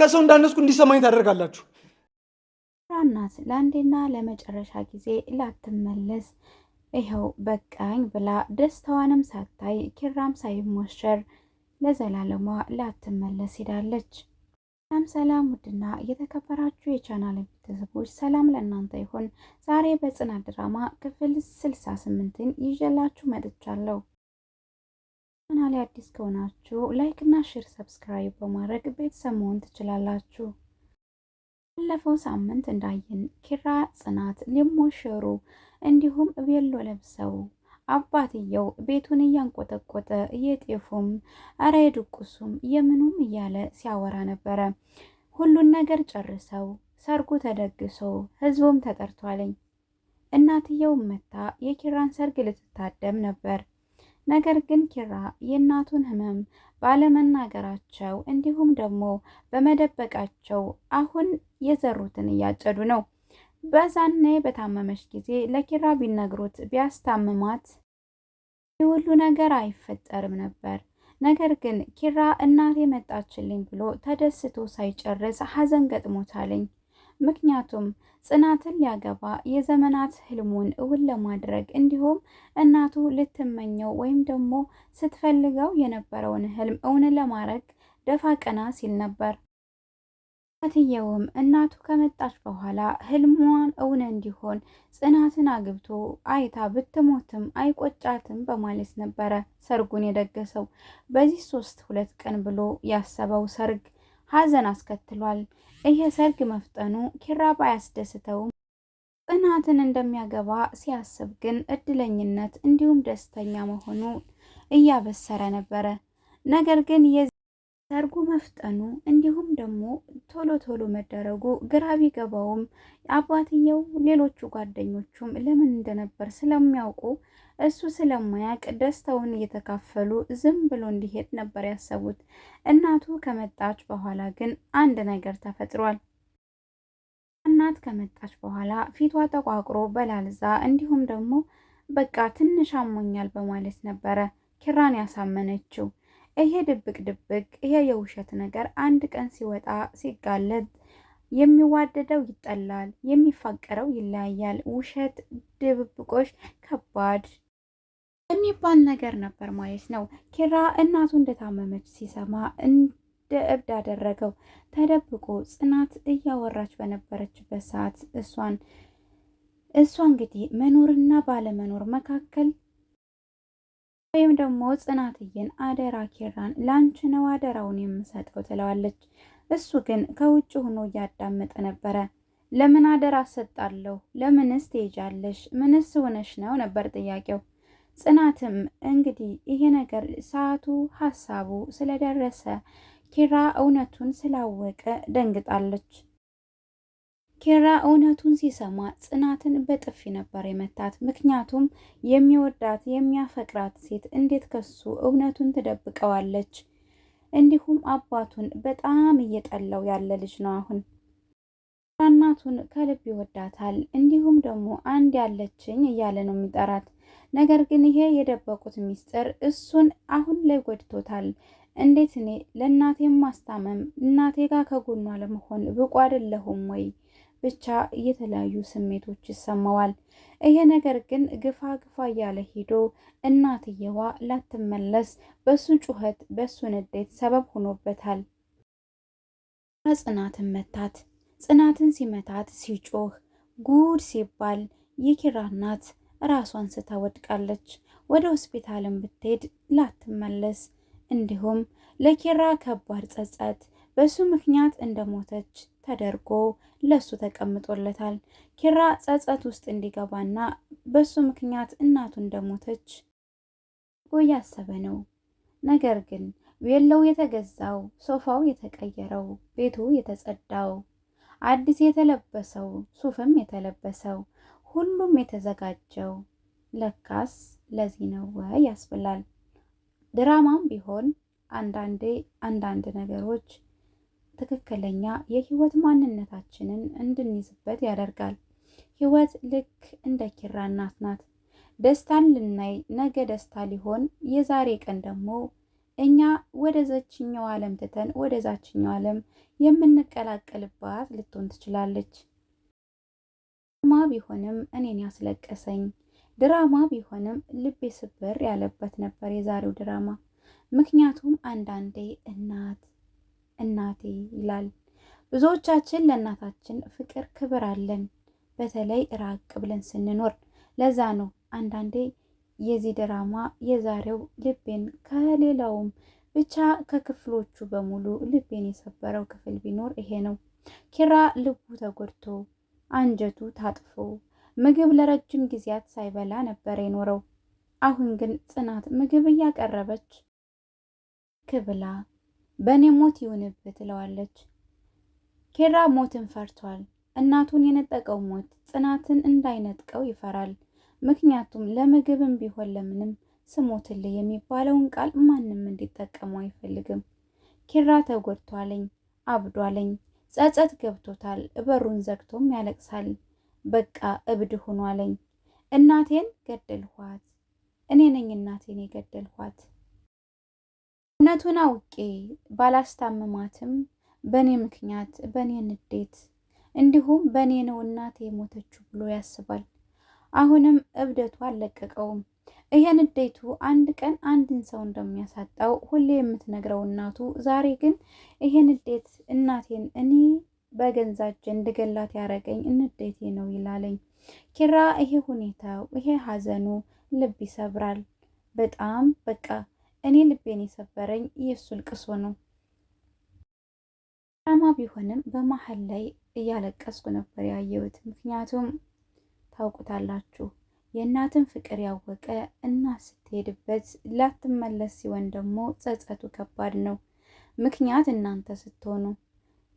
ከሰው እንዳነስኩ እንዲሰማኝ ታደርጋላችሁ። ራናት ለአንዴና ለመጨረሻ ጊዜ ላትመለስ ይኸው በቃኝ ብላ ደስታዋንም ሳታይ ኪራም ሳይሞሸር ለዘላለሟ ላትመለስ ሄዳለች። ሰላም ሰላም፣ ውድና የተከበራችሁ የቻናል ቤተሰቦች ሰላም ለእናንተ ይሁን። ዛሬ በጽናት ድራማ ክፍል ስልሳ ስምንትን ይዤላችሁ መጥቻለሁ። ቻናሌ አዲስ ከሆናችሁ ላይክ እና ሼር ሰብስክራይብ በማድረግ ቤተሰብ መሆን ትችላላችሁ። ባለፈው ሳምንት እንዳየን ኪራ ጽናት ሊሞሸሩ እንዲሁም ቤሎ ለብሰው አባትየው ቤቱን እያንቆጠቆጠ የጤፉም እረ የድቁሱም የምኑም እያለ ሲያወራ ነበረ። ሁሉን ነገር ጨርሰው ሰርጉ ተደግሶ ህዝቡም ተጠርቷለኝ። እናትየው መታ የኪራን ሰርግ ልትታደም ነበር። ነገር ግን ኪራ የእናቱን ህመም ባለመናገራቸው እንዲሁም ደግሞ በመደበቃቸው አሁን የዘሩትን እያጨዱ ነው። በዛኔ በታመመች ጊዜ ለኪራ ቢነግሩት ቢያስታምማት የሁሉ ነገር አይፈጠርም ነበር። ነገር ግን ኪራ እናቴ መጣችልኝ ብሎ ተደስቶ ሳይጨርስ ሀዘን ገጥሞታለኝ። ምክንያቱም ጽናትን ሊያገባ የዘመናት ህልሙን እውን ለማድረግ እንዲሁም እናቱ ልትመኘው ወይም ደግሞ ስትፈልገው የነበረውን ህልም እውን ለማድረግ ደፋ ቀና ሲል ነበር። አትየውም እናቱ ከመጣች በኋላ ህልሟን እውን እንዲሆን ጽናትን አግብቶ አይታ ብትሞትም አይቆጫትም በማለት ነበረ ሰርጉን የደገሰው። በዚህ ሶስት ሁለት ቀን ብሎ ያሰበው ሰርግ ሀዘን አስከትሏል። ይህ ሰርግ መፍጠኑ ኪራ ባያስደስተውም ጽናትን እንደሚያገባ ሲያስብ ግን እድለኝነት እንዲሁም ደስተኛ መሆኑ እያበሰረ ነበረ። ነገር ግን ሰርጉ መፍጠኑ እንዲሁም ደግሞ ቶሎ ቶሎ መደረጉ ግራ ቢገባውም አባትየው ሌሎቹ ጓደኞቹም ለምን እንደነበር ስለሚያውቁ እሱ ስለማያቅ ደስታውን እየተካፈሉ ዝም ብሎ እንዲሄድ ነበር ያሰቡት። እናቱ ከመጣች በኋላ ግን አንድ ነገር ተፈጥሯል። እናት ከመጣች በኋላ ፊቷ ተቋቁሮ በላልዛ እንዲሁም ደግሞ በቃ ትንሽ አሞኛል በማለት ነበረ ኪራን ያሳመነችው። ይሄ ድብቅ ድብቅ ይሄ የውሸት ነገር አንድ ቀን ሲወጣ ሲጋለጥ የሚዋደደው ይጠላል፣ የሚፋቀረው ይለያያል። ውሸት ድብብቆሽ ከባድ የሚባል ነገር ነበር ማለት ነው። ኪራ እናቱ እንደታመመች ሲሰማ እንደ እብድ አደረገው። ተደብቆ ጽናት እያወራች በነበረችበት ሰዓት እሷን እሷ እንግዲህ መኖርና ባለመኖር መካከል ወይም ደግሞ ጽናትዬን አደራ ኪራን ላንቺ ነው አደራውን የምሰጠው ትለዋለች። እሱ ግን ከውጭ ሆኖ እያዳመጠ ነበረ። ለምን አደራ ሰጣለሁ? ለምንስ ትሄጃለሽ? ምንስ ሆነሽ ነው ነበር ጥያቄው። ጽናትም እንግዲህ ይሄ ነገር ሰዓቱ ሀሳቡ ስለደረሰ ኪራ እውነቱን ስላወቀ ደንግጣለች። ኪራ እውነቱን ሲሰማ ጽናትን በጥፊ ነበር የመታት። ምክንያቱም የሚወዳት የሚያፈቅራት ሴት እንዴት ከሱ እውነቱን ትደብቀዋለች? እንዲሁም አባቱን በጣም እየጠላው ያለ ልጅ ነው አሁን እናቱን ከልብ ይወዳታል። እንዲሁም ደግሞ አንድ ያለችኝ እያለ ነው የሚጠራት። ነገር ግን ይሄ የደበቁት ሚስጥር እሱን አሁን ላይ ጎድቶታል። እንዴት እኔ ለእናቴ ማስታመም እናቴ ጋር ከጎኗ ለመሆን ብቁ አይደለሁም ወይ? ብቻ የተለያዩ ስሜቶች ይሰማዋል። ይሄ ነገር ግን ግፋ ግፋ እያለ ሄዶ እናትየዋ ላትመለስ በሱ ጩኸት፣ በሱ ንዴት ሰበብ ሆኖበታል። ጽናትን መታት። ጽናትን ሲመታት ሲጮህ ጉድ ሲባል የኪራ እናት ራሷን ስታ ወድቃለች። ወደ ሆስፒታልም ብትሄድ ላትመለስ፣ እንዲሁም ለኪራ ከባድ ጸጸት በሱ ምክንያት እንደሞተች ተደርጎ ለሱ ተቀምጦለታል። ኪራ ጸጸት ውስጥ እንዲገባና በሱ ምክንያት እናቱ እንደሞተች እያሰበ ነው። ነገር ግን ቬሎው የተገዛው፣ ሶፋው የተቀየረው፣ ቤቱ የተጸዳው አዲስ የተለበሰው ሱፍም የተለበሰው ሁሉም የተዘጋጀው ለካስ ለዚህ ነው ወይ ያስብላል። ድራማም ቢሆን አንዳንዴ አንዳንድ ነገሮች ትክክለኛ የህይወት ማንነታችንን እንድንይዝበት ያደርጋል። ህይወት ልክ እንደ ኪራ እናት ናት። ደስታን ልናይ ነገ ደስታ ሊሆን የዛሬ ቀን ደግሞ እኛ ወደ ዘችኛው ዓለም ትተን ወደ ዛችኛው ዓለም የምንቀላቀልባት ልትሆን ትችላለች። ድራማ ቢሆንም እኔን ያስለቀሰኝ ድራማ ቢሆንም ልቤ ስብር ያለበት ነበር የዛሬው ድራማ። ምክንያቱም አንዳንዴ እናት እናቴ ይላል ብዙዎቻችን ለእናታችን ፍቅር ክብር አለን፣ በተለይ ራቅ ብለን ስንኖር። ለዛ ነው አንዳንዴ የዚህ ድራማ የዛሬው ልቤን ከሌላውም ብቻ ከክፍሎቹ በሙሉ ልቤን የሰበረው ክፍል ቢኖር ይሄ ነው። ኪራ ልቡ ተጎድቶ አንጀቱ ታጥፎ ምግብ ለረጅም ጊዜያት ሳይበላ ነበር የኖረው። አሁን ግን ጽናት ምግብ እያቀረበች ክብላ በእኔ ሞት ይሁንብህ ትለዋለች። ኪራ ሞትን ፈርቷል። እናቱን የነጠቀው ሞት ጽናትን እንዳይነጥቀው ይፈራል። ምክንያቱም ለምግብም ቢሆን ለምንም ስሞትልህ የሚባለውን ቃል ማንም እንዲጠቀሙ አይፈልግም። ኪራ ተጎድቷለኝ፣ አብዷለኝ፣ ጸጸት ገብቶታል፣ በሩን ዘግቶም ያለቅሳል። በቃ እብድ ሆኗለኝ፣ እናቴን ገደልኋት፣ እኔ ነኝ እናቴን የገደልኋት። እውነቱን አውቄ ባላስታምማትም በእኔ ምክንያት በእኔ ንዴት እንዲሁም በእኔ ነው እናቴ የሞተችው ብሎ ያስባል። አሁንም እብደቱ አልለቀቀውም። ይሄ ንዴቱ አንድ ቀን አንድን ሰው እንደሚያሳጣው ሁሌ የምትነግረው እናቱ ዛሬ ግን ይሄን ንዴት እናቴን እኔ በገንዛጅ እንድገላት ያረገኝ እንዴቴ ነው ይላለኝ። ኪራ ይሄ ሁኔታው ይሄ ሀዘኑ ልብ ይሰብራል። በጣም በቃ እኔ ልቤን የሰበረኝ የእሱ ልቅሶ ነው። ማ ቢሆንም በመሀል ላይ እያለቀስኩ ነበር ያየሁት ምክንያቱም ታውቁታላችሁ። የእናትን ፍቅር ያወቀ እናት ስትሄድበት ላትመለስ ሲሆን ደግሞ ጸጸቱ ከባድ ነው። ምክንያት እናንተ ስትሆኑ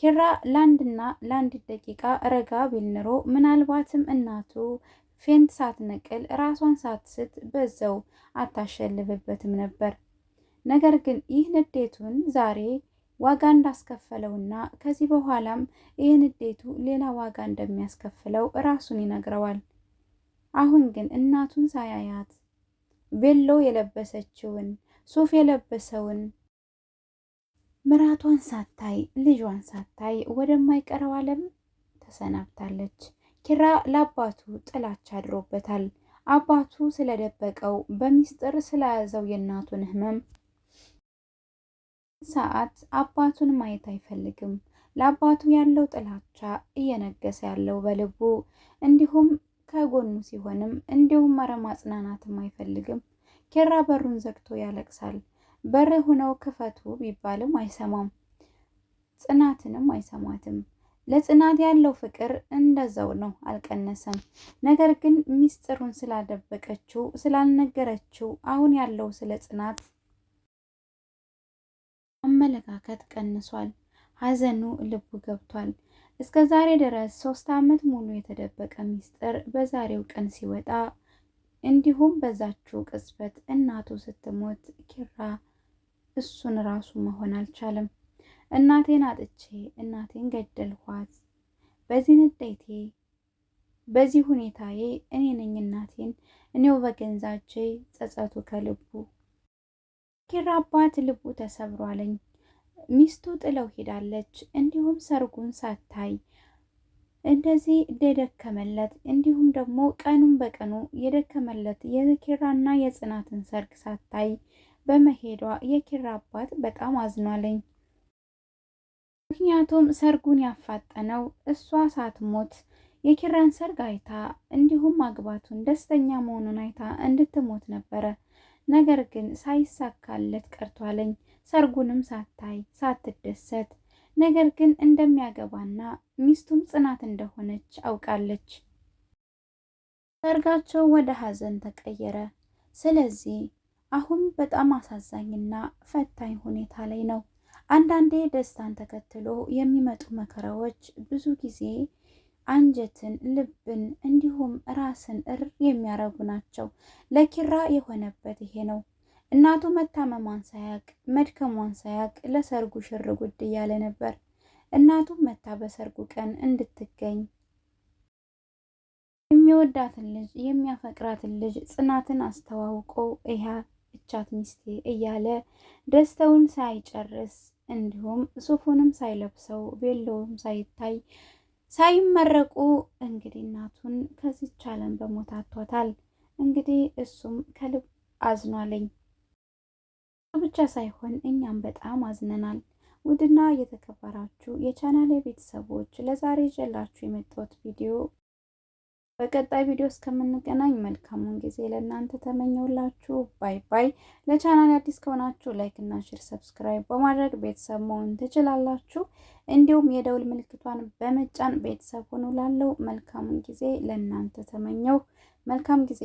ኪራ ለአንድና ለአንድ ደቂቃ ረጋ ቢል ኖሮ ምናልባትም እናቱ ፌንት ሳትነቅል ራሷን ሳትስት በዛው አታሸልብበትም ነበር። ነገር ግን ይህ ንዴቱን ዛሬ ዋጋ እንዳስከፈለውና ከዚህ በኋላም ይህን እዴቱ ሌላ ዋጋ እንደሚያስከፍለው ራሱን ይነግረዋል። አሁን ግን እናቱን ሳያያት ቬሎ የለበሰችውን ሱፍ የለበሰውን ምራቷን ሳታይ ልጇን ሳታይ ወደማይቀረው ዓለም ተሰናብታለች። ኪራ ለአባቱ ጥላቻ አድሮበታል። አባቱ ስለደበቀው በሚስጥር ስለያዘው የእናቱን ህመም። ሰዓት አባቱን ማየት አይፈልግም። ለአባቱ ያለው ጥላቻ እየነገሰ ያለው በልቡ እንዲሁም ከጎኑ ሲሆንም እንዲሁም መረ ማጽናናትም አይፈልግም። ኬራ በሩን ዘግቶ ያለቅሳል። በር ሆነው ክፈቱ ቢባልም አይሰማም። ጽናትንም አይሰማትም። ለጽናት ያለው ፍቅር እንደዛው ነው፣ አልቀነሰም። ነገር ግን ሚስጥሩን ስላደበቀችው ስላልነገረችው አሁን ያለው ስለ ጽናት አመለካከት ቀንሷል። ሐዘኑ ልቡ ገብቷል። እስከ ዛሬ ድረስ ሶስት ዓመት ሙሉ የተደበቀ ሚስጥር በዛሬው ቀን ሲወጣ እንዲሁም በዛችው ቅጽበት እናቱ ስትሞት ኪራ እሱን ራሱ መሆን አልቻለም። እናቴን አጥቼ እናቴን ገደልኳት በዚህ ንዴቴ፣ በዚህ ሁኔታዬ እኔ ነኝ እናቴን እኔው በገንዛቼ ጸጸቱ ከልቡ ኪራ አባት ልቡ ተሰብሯለኝ። ሚስቱ ጥለው ሄዳለች። እንዲሁም ሰርጉን ሳታይ እንደዚህ እንደደከመለት እንዲሁም ደግሞ ቀኑን በቀኑ የደከመለት የኪራና የጽናትን ሰርግ ሳታይ በመሄዷ የኪራ አባት በጣም አዝኗለኝ። ምክንያቱም ሰርጉን ያፋጠነው እሷ ሳትሞት የኪራን ሰርግ አይታ እንዲሁም ማግባቱን ደስተኛ መሆኑን አይታ እንድትሞት ነበረ። ነገር ግን ሳይሳካለት ቀርቷለኝ ሰርጉንም ሳታይ ሳትደሰት ነገር ግን እንደሚያገባና ሚስቱም ጽናት እንደሆነች አውቃለች። ሰርጋቸው ወደ ሐዘን ተቀየረ። ስለዚህ አሁን በጣም አሳዛኝና ፈታኝ ሁኔታ ላይ ነው። አንዳንዴ ደስታን ተከትሎ የሚመጡ መከራዎች ብዙ ጊዜ አንጀትን፣ ልብን እንዲሁም ራስን እር የሚያረጉ ናቸው። ለኪራ የሆነበት ይሄ ነው። እናቱ መታመሟን ሳያቅ መድከሟን ሳያቅ ለሰርጉ ሽር ጉድ እያለ ነበር። እናቱ መታ በሰርጉ ቀን እንድትገኝ የሚወዳትን ልጅ የሚያፈቅራትን ልጅ ጽናትን አስተዋውቆ እያ እቻት ሚስቴ እያለ ደስተውን ሳይጨርስ እንዲሁም ሱፉንም ሳይለብሰው ቤሎውም ሳይታይ ሳይመረቁ እንግዲህ እናቱን ከዚች ዓለም በሞት አጥቷታል። እንግዲህ እሱም ከልብ አዝኗለኝ ብቻ ሳይሆን እኛም በጣም አዝነናል። ውድና የተከበራችሁ የቻናሌ ቤተሰቦች ለዛሬ ይዤላችሁ የመጣሁት ቪዲዮ በቀጣይ ቪዲዮ እስከምንገናኝ መልካሙን ጊዜ ለእናንተ ተመኘውላችሁ። ባይ ባይ። ለቻናል አዲስ ከሆናችሁ ላይክ እና ሼር፣ ሰብስክራይብ በማድረግ ቤተሰብ መሆን ትችላላችሁ። እንዲሁም የደውል ምልክቷን በመጫን ቤተሰብ ሆኑ። ላለው መልካሙን ጊዜ ለእናንተ ተመኘው። መልካም ጊዜ